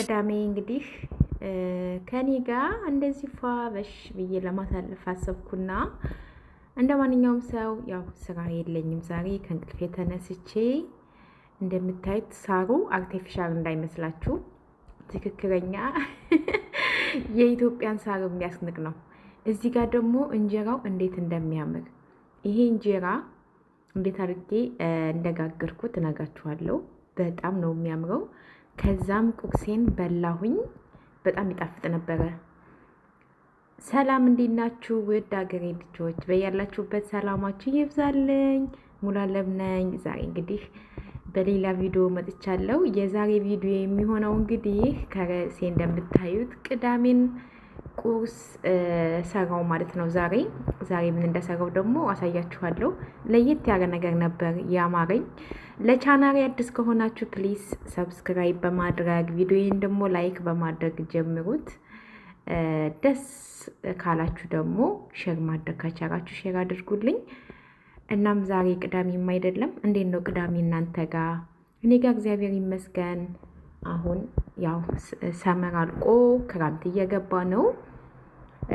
ቅዳሜ እንግዲህ ከኔ ጋር እንደዚህ ፏ በሽ ብዬ ለማሳለፍ አሰብኩና እንደ ማንኛውም ሰው ያው ስራ የለኝም ዛሬ። ከእንቅልፍ የተነስቼ እንደምታዩት ሳሩ አርቴፊሻል እንዳይመስላችሁ ትክክለኛ የኢትዮጵያን ሳር የሚያስንቅ ነው። እዚህ ጋር ደግሞ እንጀራው እንዴት እንደሚያምር ይሄ እንጀራ እንዴት አድርጌ እንደጋገርኩት እነግራችኋለሁ። በጣም ነው የሚያምረው። ከዛም ቁርሴን በላሁኝ። በጣም ይጣፍጥ ነበረ። ሰላም እንዴት ናችሁ? ውድ አገሬ ልጆች በያላችሁበት ሰላማችሁ ይብዛልኝ። ሙሉዓለም ነኝ። ዛሬ እንግዲህ በሌላ ቪዲዮ መጥቻለሁ። የዛሬ ቪዲዮ የሚሆነው እንግዲህ ከርዕሴ እንደምታዩት ቅዳሜን ቁርስ ሰራው ማለት ነው። ዛሬ ዛሬ ምን እንደሰራው ደግሞ አሳያችኋለሁ። ለየት ያለ ነገር ነበር ያማረኝ። ለቻናሪ አዲስ ከሆናችሁ ፕሊስ ሰብስክራይብ በማድረግ ቪዲዮዬን ደግሞ ላይክ በማድረግ ጀምሩት። ደስ ካላችሁ ደግሞ ሼር ማድረግ ከቻላችሁ ሼር አድርጉልኝ። እናም ዛሬ ቅዳሜም አይደለም። እንዴት ነው ቅዳሜ እናንተ ጋር? እኔ ጋር እግዚአብሔር ይመስገን አሁን ያው ሰመር አልቆ ክረምት እየገባ ነው።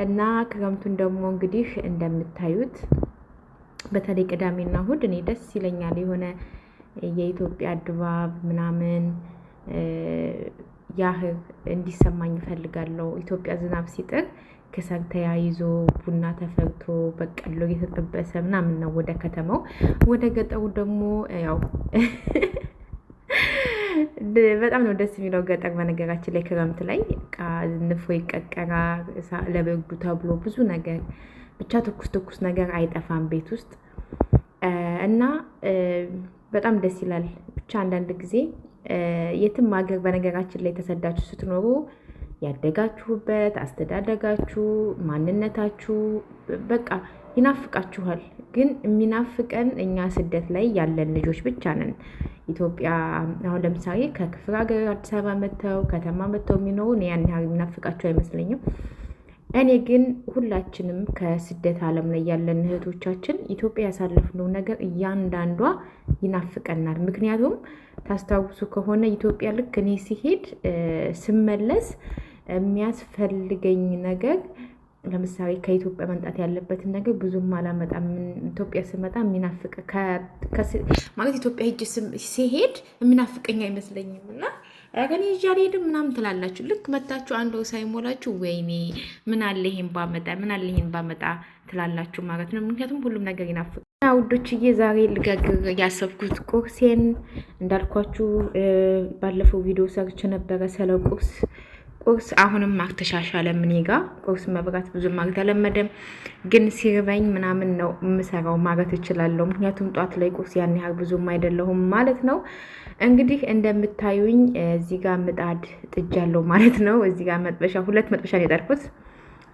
እና ክረምቱን ደግሞ እንግዲህ እንደምታዩት በተለይ ቅዳሜና እሑድ እኔ ደስ ይለኛል። የሆነ የኢትዮጵያ ድባብ ምናምን ያህል እንዲሰማኝ እፈልጋለሁ። ኢትዮጵያ ዝናብ ሲጥል ከሰር ተያይዞ ቡና ተፈልቶ በቀሎ እየተጠበሰ ምናምን ነው ወደ ከተማው። ወደ ገጠሩ ደግሞ ያው በጣም ነው ደስ የሚለው ገጠር። በነገራችን ላይ ክረምት ላይ ንፎ ይቀቀራ ለበጉ ተብሎ ብዙ ነገር ብቻ ትኩስ ትኩስ ነገር አይጠፋም ቤት ውስጥ እና በጣም ደስ ይላል። ብቻ አንዳንድ ጊዜ የትም ሀገር በነገራችን ላይ ተሰዳችሁ ስትኖሩ ያደጋችሁበት አስተዳደጋችሁ፣ ማንነታችሁ በቃ ይናፍቃችኋል። ግን የሚናፍቀን እኛ ስደት ላይ ያለን ልጆች ብቻ ነን። ኢትዮጵያ አሁን ለምሳሌ ከክፍለ ሀገር አዲስ አበባ መጥተው ከተማ መጥተው የሚኖሩ ያን ያህል የሚናፍቃቸው አይመስለኝም። እኔ ግን ሁላችንም ከስደት ዓለም ላይ ያለን እህቶቻችን ኢትዮጵያ ያሳለፍነው ነገር እያንዳንዷ ይናፍቀናል። ምክንያቱም ታስታውሱ ከሆነ ኢትዮጵያ ልክ እኔ ሲሄድ ስመለስ የሚያስፈልገኝ ነገር ለምሳሌ ከኢትዮጵያ መምጣት ያለበትን ነገር ብዙም አላመጣም። ኢትዮጵያ ስመጣ የሚናፍቅ ማለት ኢትዮጵያ ሄጅ ሲሄድ የሚናፍቀኝ አይመስለኝም። እና ረገን ይዤ ሄድ ምናምን ትላላችሁ። ልክ መታችሁ አንድ ወር ሳይሞላችሁ ወይኔ ምን አለ ይሄን ባመጣ ምን አለ ይሄን ባመጣ ትላላችሁ ማለት ነው። ምክንያቱም ሁሉም ነገር ይናፍቅ እና ውዶችዬ ዛሬ ልጋግር ያሰብኩት ቁርሴን እንዳልኳችሁ ባለፈው ቪዲዮ ሰርች ነበረ ስለ ቁርስ ቁርስ አሁንም አልተሻሻለ እኔ ጋ ቁርስ መብራት ብዙም አልተለመደም፣ ግን ሲርበኝ ምናምን ነው የምሰራው ማለት እችላለሁ። ምክንያቱም ጧት ላይ ቁርስ ያን ያህል ብዙም አይደለሁም ማለት ነው። እንግዲህ እንደምታዩኝ እዚህ ጋር ምጣድ ጥጃለሁ ማለት ነው። እዚህ ጋር መጥበሻ፣ ሁለት መጥበሻ ነው የጠርኩት።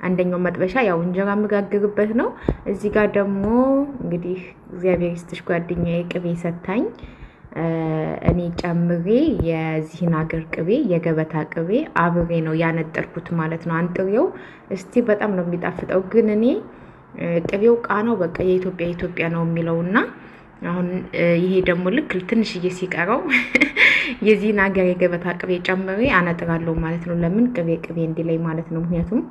አንደኛው መጥበሻ ያው እንጀራ የምጋግርበት ነው። እዚህ ጋር ደግሞ እንግዲህ እግዚአብሔር ይስጥሽ ጓደኛዬ ቅቤ ሰታኝ እኔ ጨምሬ የዚህን ሀገር ቅቤ የገበታ ቅቤ አብሬ ነው ያነጠርኩት ማለት ነው። አንጥሬው እስቲ በጣም ነው የሚጣፍጠው። ግን እኔ ቅቤው ቃናው በቃ የኢትዮጵያ ኢትዮጵያ ነው የሚለው እና አሁን ይሄ ደግሞ ልክ ትንሽዬ ሲቀረው የዚህን ሀገር የገበታ ቅቤ ጨምሬ አነጥራለሁ ማለት ነው። ለምን ቅቤ ቅቤ እንዲላይ ማለት ነው። ምክንያቱም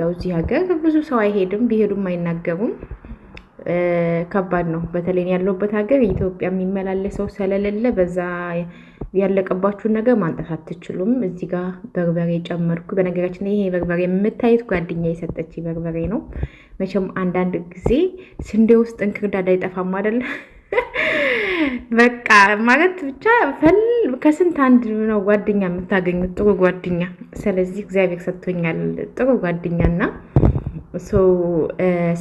ያው እዚህ ሀገር ብዙ ሰው አይሄድም፣ ቢሄዱም አይናገሩም። ከባድ ነው። በተለይ ያለውበት ሀገር ኢትዮጵያ የሚመላለሰው ስለሌለ በዛ ያለቀባችሁን ነገር ማንጠፍ አትችሉም። እዚህ ጋር በርበሬ ጨመርኩ። በነገራችን ይሄ በርበሬ የምታዩት ጓደኛ የሰጠች በርበሬ ነው። መቼም አንዳንድ ጊዜ ስንዴ ውስጥ እንክርዳድ አይጠፋም አይደለ? በቃ ማለት ብቻ ፈል ከስንት አንድ ነው ጓደኛ የምታገኙት ጥሩ ጓደኛ። ስለዚህ እግዚአብሔር ሰጥቶኛል ጥሩ ጓደኛና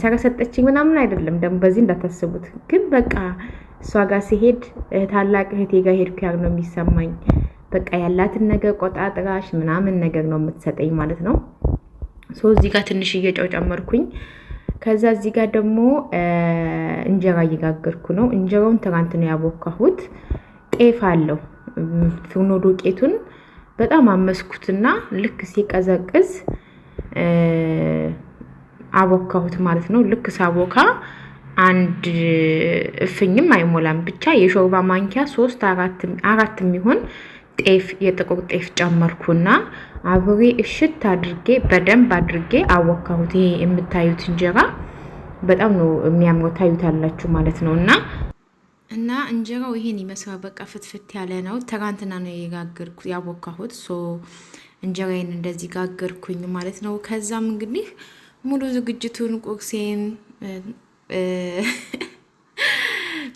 ስለሰጠችኝ ምናምን አይደለም። ደግሞ በዚህ እንዳታስቡት። ግን በቃ እሷ ጋር ሲሄድ ታላቅ እህቴ ጋር ሄድኩ ያል ነው የሚሰማኝ። በቃ ያላትን ነገር ቆጣጥራሽ ምናምን ነገር ነው የምትሰጠኝ ማለት ነው። እዚህ ጋር ትንሽዬ ጨው ጨመርኩኝ። ከዛ እዚህ ጋር ደግሞ እንጀራ እየጋገርኩ ነው። እንጀራውን ትናንት ነው ያቦካሁት። ጤፍ አለው ፍርኖ ዱቄቱን በጣም አመስኩትና ልክ ሲቀዘቅዝ አቦካሁት ማለት ነው። ልክ ሳቦካ አንድ እፍኝም አይሞላም። ብቻ የሾርባ ማንኪያ ሶስት አራት የሚሆን ጤፍ የጥቁር ጤፍ ጨመርኩና አብሬ እሽት አድርጌ በደንብ አድርጌ አወካሁት። ይሄ የምታዩት እንጀራ በጣም ነው የሚያምረው፣ ታዩታላችሁ ማለት ነው እና እና እንጀራው ይሄን ይመስላል። በቃ ፍትፍት ያለ ነው። ትናንትና ነው የጋገርኩ ያወካሁት። ሶ እንጀራዬን እንደዚህ ጋገርኩኝ ማለት ነው። ከዛም እንግዲህ ሙሉ ዝግጅቱን ቁርሴን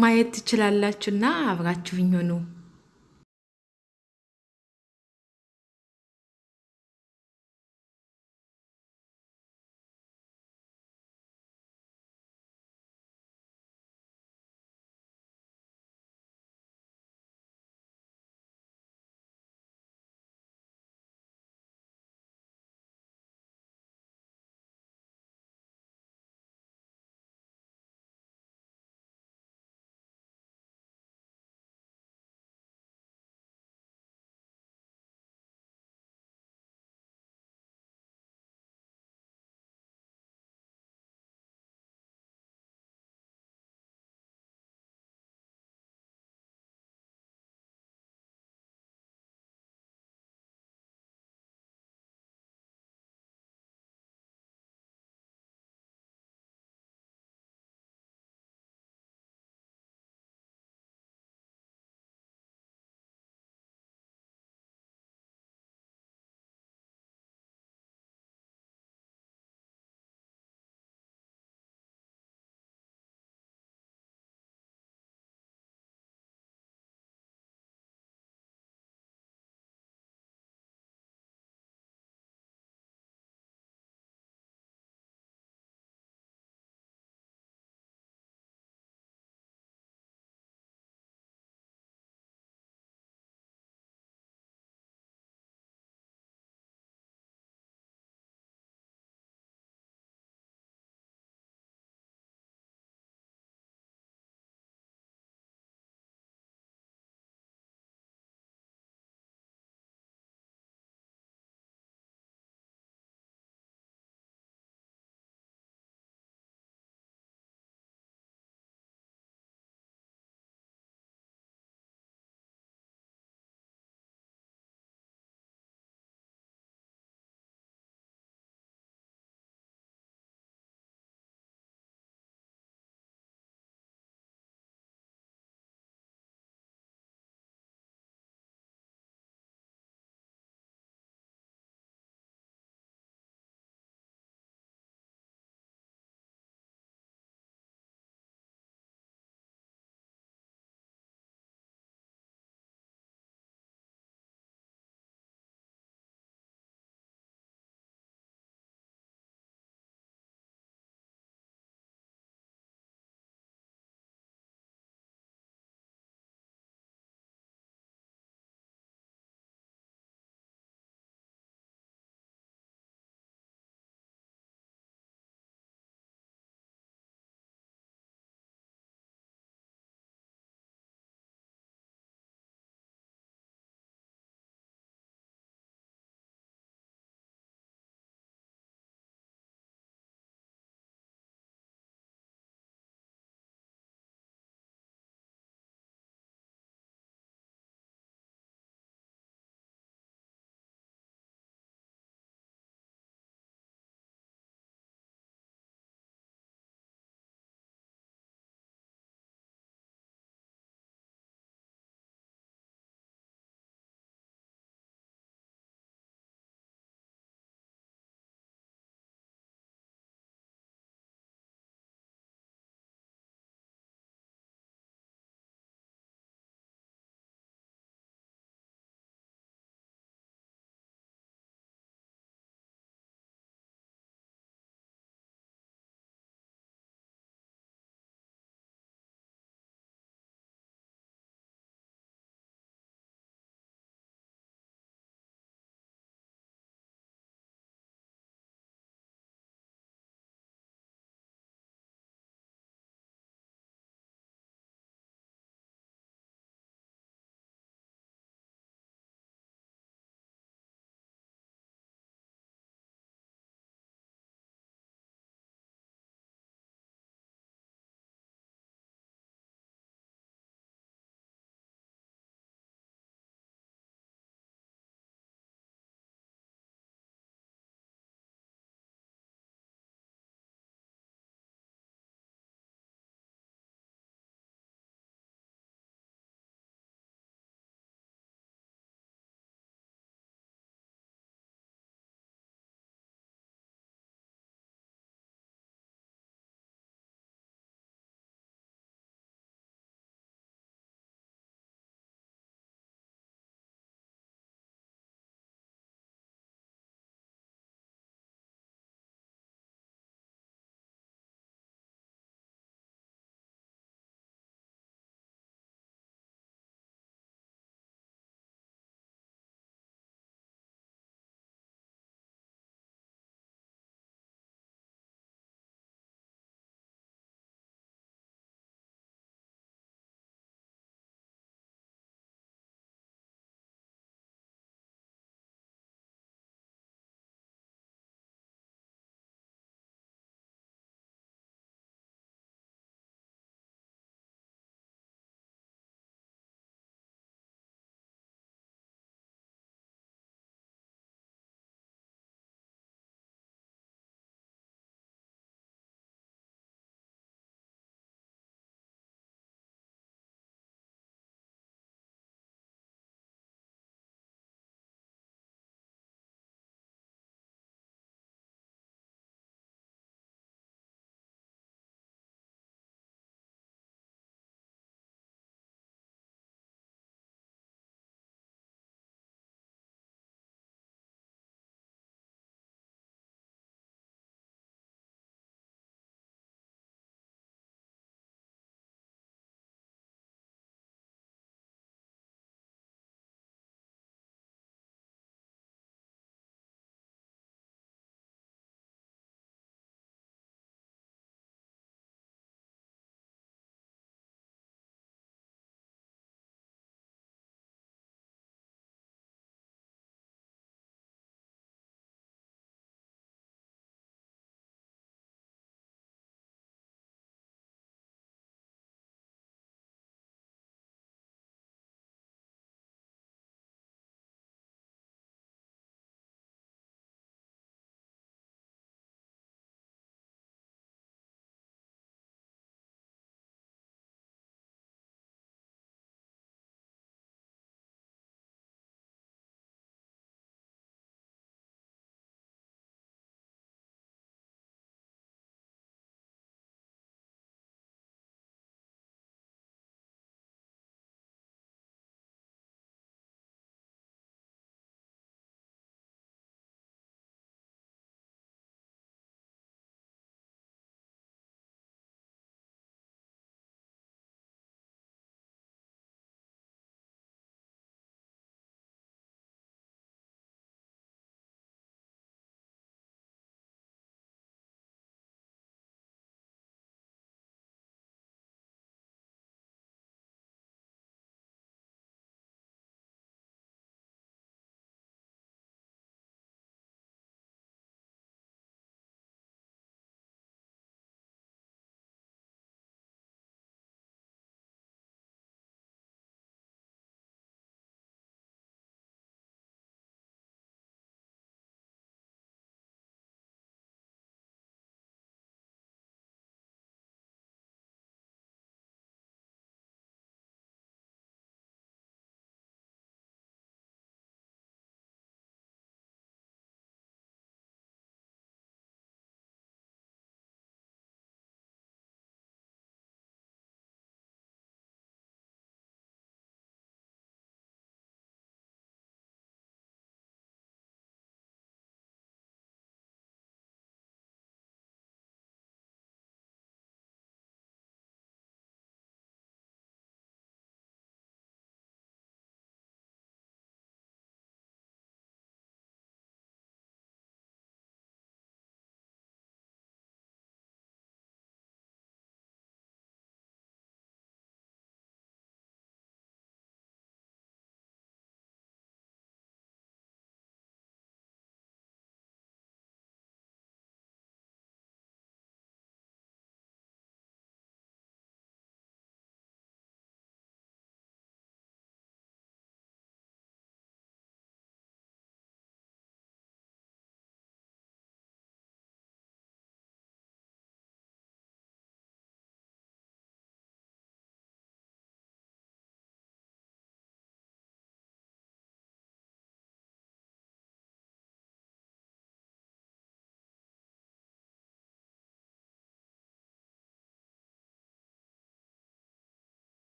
ማየት ትችላላችሁ እና አብራችሁኝ ሆኑ።